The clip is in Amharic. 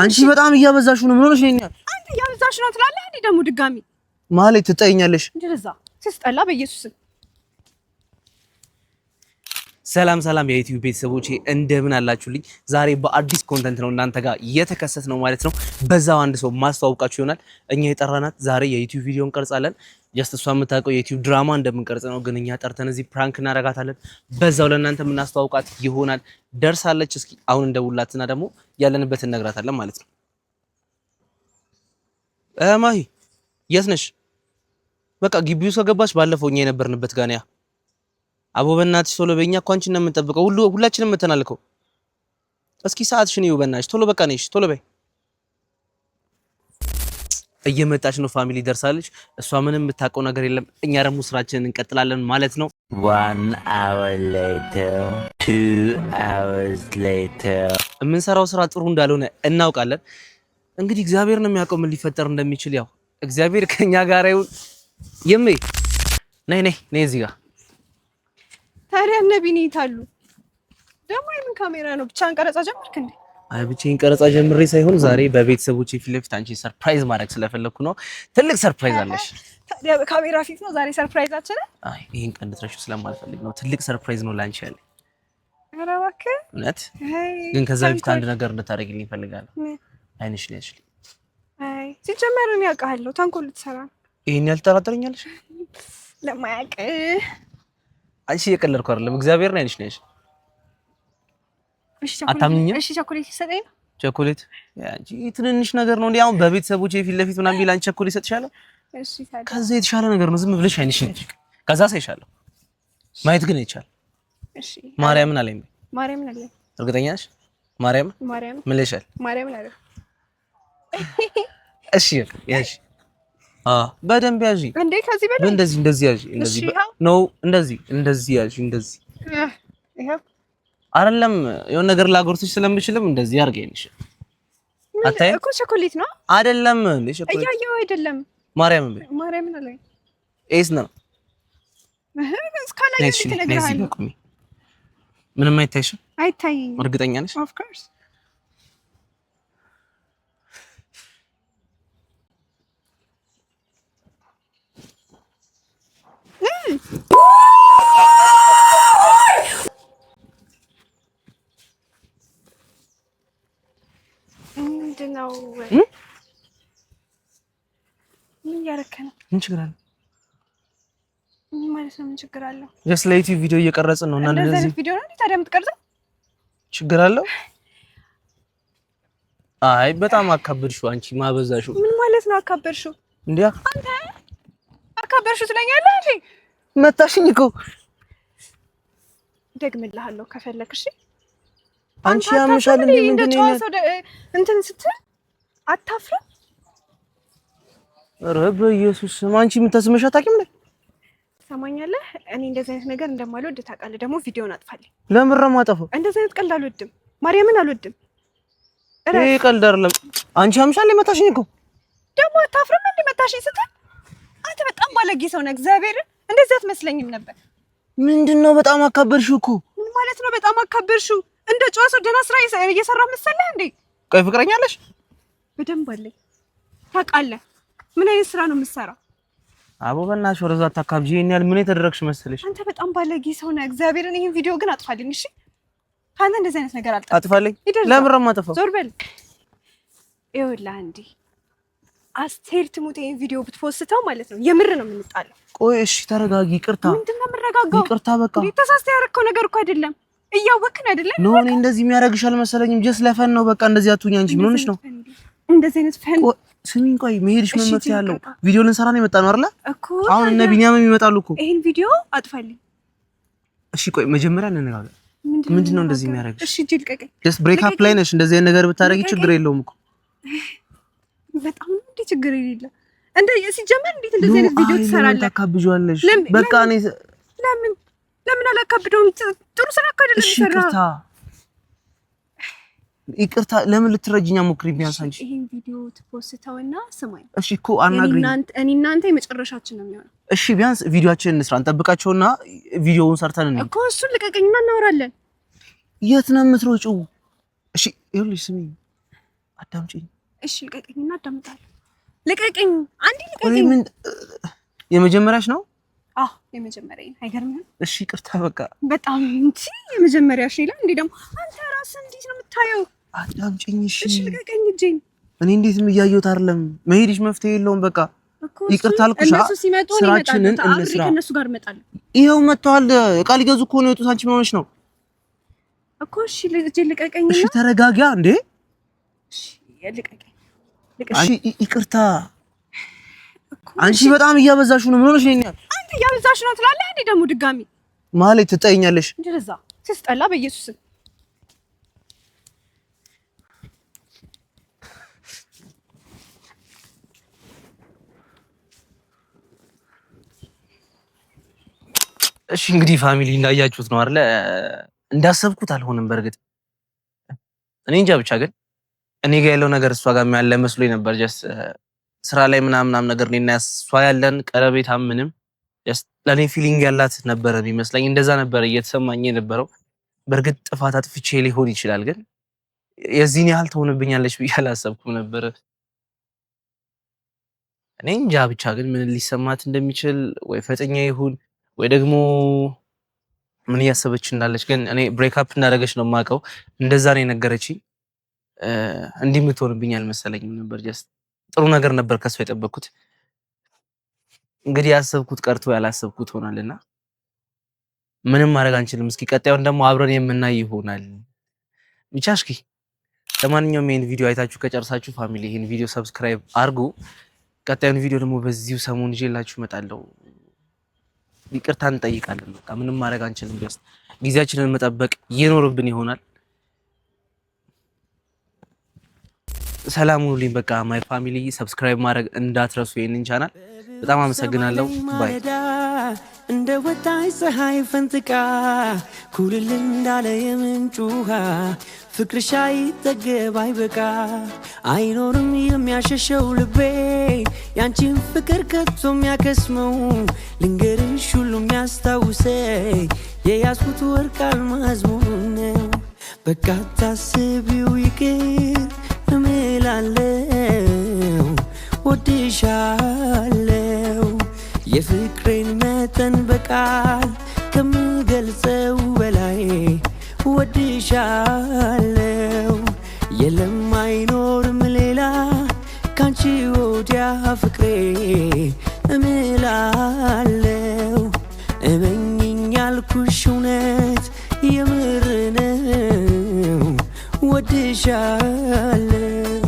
አንቺ በጣም እያበዛሹ ነው። ምን ሆነሽ ነው? አንቺ እያበዛሽ ነው ትላለህ። እኔ ደግሞ ድጋሚ ማለት ትጠይኛለሽ እንደዛ ሲስጠላ በኢየሱስ ሰላም ሰላም የዩቲዩብ ቤተሰቦቼ እንደምን አላችሁልኝ? ዛሬ በአዲስ ኮንተንት ነው እናንተ ጋር የተከሰት ነው ማለት ነው። በዛው አንድ ሰው ማስተዋወቃችሁ ይሆናል። እኛ የጠራናት ዛሬ የዩቲዩብ ቪዲዮ እንቀርጻለን። ጀስት እሷ የምታውቀው የዩቲዩብ ድራማ እንደምንቀርጽ ነው፣ ግን እኛ ጠርተን እዚህ ፕራንክ እናረጋታለን። በዛው ለእናንተ የምናስተዋውቃት ይሆናል። ደርሳለች። እስኪ አሁን እንደውላትና ደግሞ ያለንበትን እነግራታለን ማለት ነው። ማሂ የት ነሽ? በቃ ግቢው ገባች ባለፈው እኛ የነበርንበት ጋንያ አቦ በእናትሽ ቶሎ በኛ እኮ አንቺን ነው የምንጠብቀው። ሁሉ ሁላችንም የምትናልከው። እስኪ ሰዓትሽን እዩ በእናትሽ ቶሎ በቃ ነሽ ቶሎ በይ። እየመጣች ነው ፋሚሊ ደርሳለች። እሷ ምንም የምታውቀው ነገር የለም። እኛ ደግሞ ስራችንን እንቀጥላለን ማለት ነው። የምንሰራው ስራ ጥሩ እንዳልሆነ እናውቃለን። እንግዲህ እግዚአብሔር ነው የሚያውቀው ምን ሊፈጠር እንደሚችል። ያው እግዚአብሔር ከኛ ጋር ይሁን። የምይ ነይ ነይ ነይ እዚህ ጋር ታዲያ ነቢኔ ይታሉ ደግሞ የምን ካሜራ ነው? ብቻህን ቀረጻ ጀመርክ እንዴ? አይ ብቻዬን ቀረጻ ጀምሬ ሳይሆን ዛሬ በቤተሰቦች ፊት ለፊት አንቺ ሰርፕራይዝ ማድረግ ስለፈለኩ ነው። ትልቅ ሰርፕራይዝ አለሽ። ታዲያ በካሜራ ፊት ነው ዛሬ ሰርፕራይዛችን? አይ ይሄን ቀን ልትረሺው ስለማልፈልግ ነው። ትልቅ ሰርፕራይዝ ነው ላንቺ ያለኝ። ኧረ እባክህ እውነት። ግን ከዛ በፊት አንድ ነገር እንድታደርግልኝ እፈልጋለሁ። አይንሽ ላይ አይ ሲጀመር እኔ አውቃለሁ ተንኮል ልትሰራ። ይሄን ያልተጠራጠረኛለሽ ለማያውቅ አንቺ እየቀለድኩ አይደለም። እግዚአብሔር ነው ያንቺ ነሽ። እሺ እሺ ቸኮሌት ይሰጠኝ። ቸኮሌት አንቺ ትንንሽ ነገር ነው እንዴ? አሁን በቤተሰቦች የፊት ለፊት ምናምን ቢል አንቺ ቸኮሌት ይሰጥሻል። እሺ ከዛ የተሻለ ነገር ነው። ዝም ብለሽ አይንሽ ነጭ ከዛ ሳይሻለሁ ማየት ግን ይቻላል። እሺ ማርያምን አለኝ። ማርያምን አለኝ። እርግጠኛ ነሽ? ማርያም ማርያም ምን ልሻል? ማርያምን አለኝ። እሺ እሺ በደንብ ያዥ እንዴ! ከዚህ በላይ እንደዚህ እንደዚህ ያዥ እንደዚህ ነው። እንደዚህ እንደዚህ ያዥ እንደዚህ አይደለም። የሆነ ነገር ላጎርቶች ስለምችልም እንደዚህ አድርገኝ አታይ እኮ ቸኮሌት ነው አይደለም? እንዴ ቸኮሌት እያየሁ አይደለም። ማርያም እንዴ ማርያም ነው ላይ ኤስ ነው እስካላ ምንም አይታይሽም። አይታየኝም። እርግጠኛ ነሽ? ኦፍ ኮርስ ምን እያደረክ ነው? ምን ችግር አለው? ማለት ነው? ምን ችግር አለው? ጀስት ለዩቲዩብ ቪዲዮ እየቀረጽን ነው እና እንደዚህ ቪዲዮ ነው ታዲያ የምትቀርጸው? ችግር አለው? አይ በጣም አካበድሽው አንቺ ማበዛሽው። ምን ማለት ነው አካበድሽው? እንዴ አንተ አካበርሽው ትለኛለህ እንዴ? መታሽኝ እኮ ደግምልሃለሁ ከፈለክ አንቺ ያምሻል እንዴ? እንደ ጨዋ ሰው እንትን ስትል አታፍርም? ኧረ በኢየሱስ አንቺ የምታስመሽ አታውቂም ነኝ ትሰማኛለህ። እኔ እንደዚህ አይነት ነገር እንደማልወድ ታውቃለህ። ደግሞ ቪዲዮን አጥፋልኝ። ለምን ረማጠፈው? እንደዚህ አይነት ቀልድ አልወድም፣ ማርያምን አልወድም። ይሄ ቀልድ አይደለም። አንቺ አምሻል መታሽኝ እኮ ደግሞ አታፍርም እንዴ? መታሽኝ ስትል አንተ በጣም ባለጌ ሰው ነህ። እግዚአብሔርን እንደዚህ አትመስለኝም ነበር። ምንድን ነው በጣም አካበርሽው እኮ። ምን ማለት ነው በጣም አካበርሽው? እንደ ጨዋ ሰው ደህና ስራ እየሰራ መሰለህ እንዴ? ቆይ ፍቅረኛ አለሽ? በደንብ አለኝ። ታውቃለህ ምን አይነት ስራ ነው የምትሰራው? አቦ በእናትሽ ወደዛ አታካብጂ። ይሄን ያህል ምን የተደረግሽ መሰለሽ? አንተ በጣም ባለጌ ሰው ነህ። እግዚአብሔርን ይሄን ቪዲዮ ግን አጥፋልኝ እሺ? ካንተ እንደዚህ አይነት ነገር አልጠፋ። አጥፋልኝ። ለምን ማጠፋው? ዞር በል ይኸውልህ አንዴ አስቴር ትሙት ይሄን ቪዲዮ ብትፖስተው ማለት ነው የምር ነው የምንጣለው። ቆይ እሺ ተረጋጊ፣ ይቅርታ። ምንድን ነው የምረጋጋው? ይቅርታ በቃ ተሳስተህ ያደረከው ነገር እኮ አይደለም፣ እያወቅን አይደለም። ኖ እኔ እንደዚህ የሚያደርግሽ አልመሰለኝም። ጀስ ለፈን ነው በቃ። እንደዚህ አትሁኝ እንጂ ምን ሆነሽ ነው እንደዚህ አይነት ፈን? ስሚኝ ቆይ፣ መሄድሽ ምን መፍትሄ ያለው? ቪዲዮ ልንሰራ ነው የመጣ ነው አይደለ? አሁን እነ ቢኒያምም ይመጣሉ እኮ። ይሄን ቪዲዮ አጥፋልኝ። እሺ ቆይ፣ መጀመሪያ እንነጋገር። ምንድን ነው እንደዚህ የሚያደርግሽ? እሺ ጅል ቀቀኝ። ጀስ ብሬክ አፕ ላይ ነሽ። እንደዚህ አይነት ነገር ብታደርጊ ችግር የለውም እኮ በጣም እንዲ ችግር የሌለ እንደ ሲጀመር እንዴት እንደዚህ አይነት ቪዲዮ ትሰራለህ? ታካብጇለሽ። በቃ እኔ ለምን ለምን አላካብደውም? ጥሩ ስራ እኮ አይደለም የሚሰራው። ይቅርታ ለምን ልትረጅኛ ሞክሪ ቢያንስ አንቺ ይሄን ቪዲዮ ትፖስተውና ስማኝ፣ እሺ እኮ አናግሪኝ። እኔ እናንተ የመጨረሻችን ነው የሚሆነው። እሺ ቢያንስ ቪዲዮአችንን እንስራ፣ እንጠብቃቸውና ቪዲዮውን ሰርተን ነው እኮ። እሱን ልቀቀኝና እናወራለን። የት ነው የምትሮጪው? እሺ ይኸውልሽ፣ ስሚ፣ አዳምጪኝ እሺ ልቀቀኝ እና አዳምጣለሁ። ልቀቀኝ፣ አንዴ ልቀቀኝ። ምን የመጀመሪያሽ ነው? አዎ የመጀመሪያ ነው። አይገርምህም? እሺ ቅርታ፣ በቃ በጣም እንጂ የመጀመሪያሽ ይላል። እንዴ ደግሞ አንተ ራስህ እንዴት ነው የምታየው? አዳምጪኝ እሺ። እሺ ልቀቀኝ እጄን። እኔ እንዴትም እያየሁት አይደለም። መሄድሽ መፍትሄ የለውም። በቃ ይቅርታ አልኩሽ። እነሱ ሲመጡ ስራችንን እንስራ። እነሱ ጋር እመጣለሁ። ይኸው መጥተዋል። እቃ ሊገዙ እኮ ነው የወጡት። አንቺ ምን ሆነሽ ነው እኮ? እሺ ልቀቀኝ። እሺ ተረጋጋ። እንዴ እሺ ልቀቀኝ ይቅርታ አንቺ በጣም እያበዛሽ ነው። ምን ሆነሽ ነው? አንቺ እያበዛሽ ነው ትላለህ አንዴ ደግሞ ድጋሚ ማለት ትጠይኛለሽ። እንደዛ ትስጠላ። በኢየሱስ እሺ። እንግዲህ ፋሚሊ እንዳያችሁት ነው አይደለ? እንዳሰብኩት አልሆነም። በእርግጥ እኔ እንጃ ብቻ ግን እኔ ጋ ያለው ነገር እሷ ጋር ያለ መስሎ ነበር። ጀስት uh, ስራ ላይ ምናምናም ነገር እኔና እሷ ያለን ቀረቤታ ምንም ለእኔ ፊሊንግ ያላት ነበረ የሚመስለኝ። እንደዛ ነበረ እየተሰማኝ የነበረው። በእርግጥ ጥፋት አጥፍቼ ሊሆን ይችላል፣ ግን የዚህን ያህል ትሆንብኛለች ብዬ አላሰብኩም ነበረ። እኔ እንጃ ብቻ ግን ምን ሊሰማት እንደሚችል ወይ ፈጠኛ ይሁን ወይ ደግሞ ምን እያሰበች እንዳለች ግን እኔ ብሬክ አፕ እንዳደረገች ነው የማውቀው። እንደዛ ነው የነገረችኝ። እንዲህ የምትሆንብኝ አልመሰለኝም ነበር። ጀስት ጥሩ ነገር ነበር ከሱ የጠበኩት እንግዲህ ያሰብኩት ቀርቶ ያላሰብኩት ሆናልና ምንም ማድረግ አንችልም። እስኪ ቀጣዩን ደግሞ አብረን የምናይ ይሆናል። ብቻ እስኪ ለማንኛውም ይህን ቪዲዮ አይታችሁ ከጨርሳችሁ ፋሚሊ ይህን ቪዲዮ ሰብስክራይብ አድርጉ። ቀጣዩን ቪዲዮ ደግሞ በዚሁ ሰሞን ይዤላችሁ እመጣለሁ። ይቅርታ እንጠይቃለን። በቃ ምንም ማድረግ አንችልም። ጊዜያችንን መጠበቅ ይኖርብን ይሆናል። ሰላም ሁሉኝ። በቃ ማይ ፋሚሊ ሰብስክራይብ ማድረግ እንዳትረሱ ይህንን ቻናል። በጣም አመሰግናለሁ። እንደ ወጣይ ፀሐይ ፈንጥቃ ኩልል እንዳለ የምንጩ ውሃ ፍቅርሽ አይጠገብ አይበቃ አይኖርም የሚያሸሸው ልቤ ያንቺን ፍቅር ከቶ የሚያከስመው ልንገርሽ ሁሉ የሚያስታውሰ የያዝኩት ወርቅ አልማዝ መሆን ነው በቃ ታስቢው ይቅር እላለው ወድሻለው የፍቅሬን መጠን በቃል ከምገልጸው በላይ ወድሻለው የለም አይኖርም ሌላ ካንቺ ወዲያ ፍቅሬ እምላለው እመኝኝ ያልኩሽ እውነት የምር ነው ወድሻለው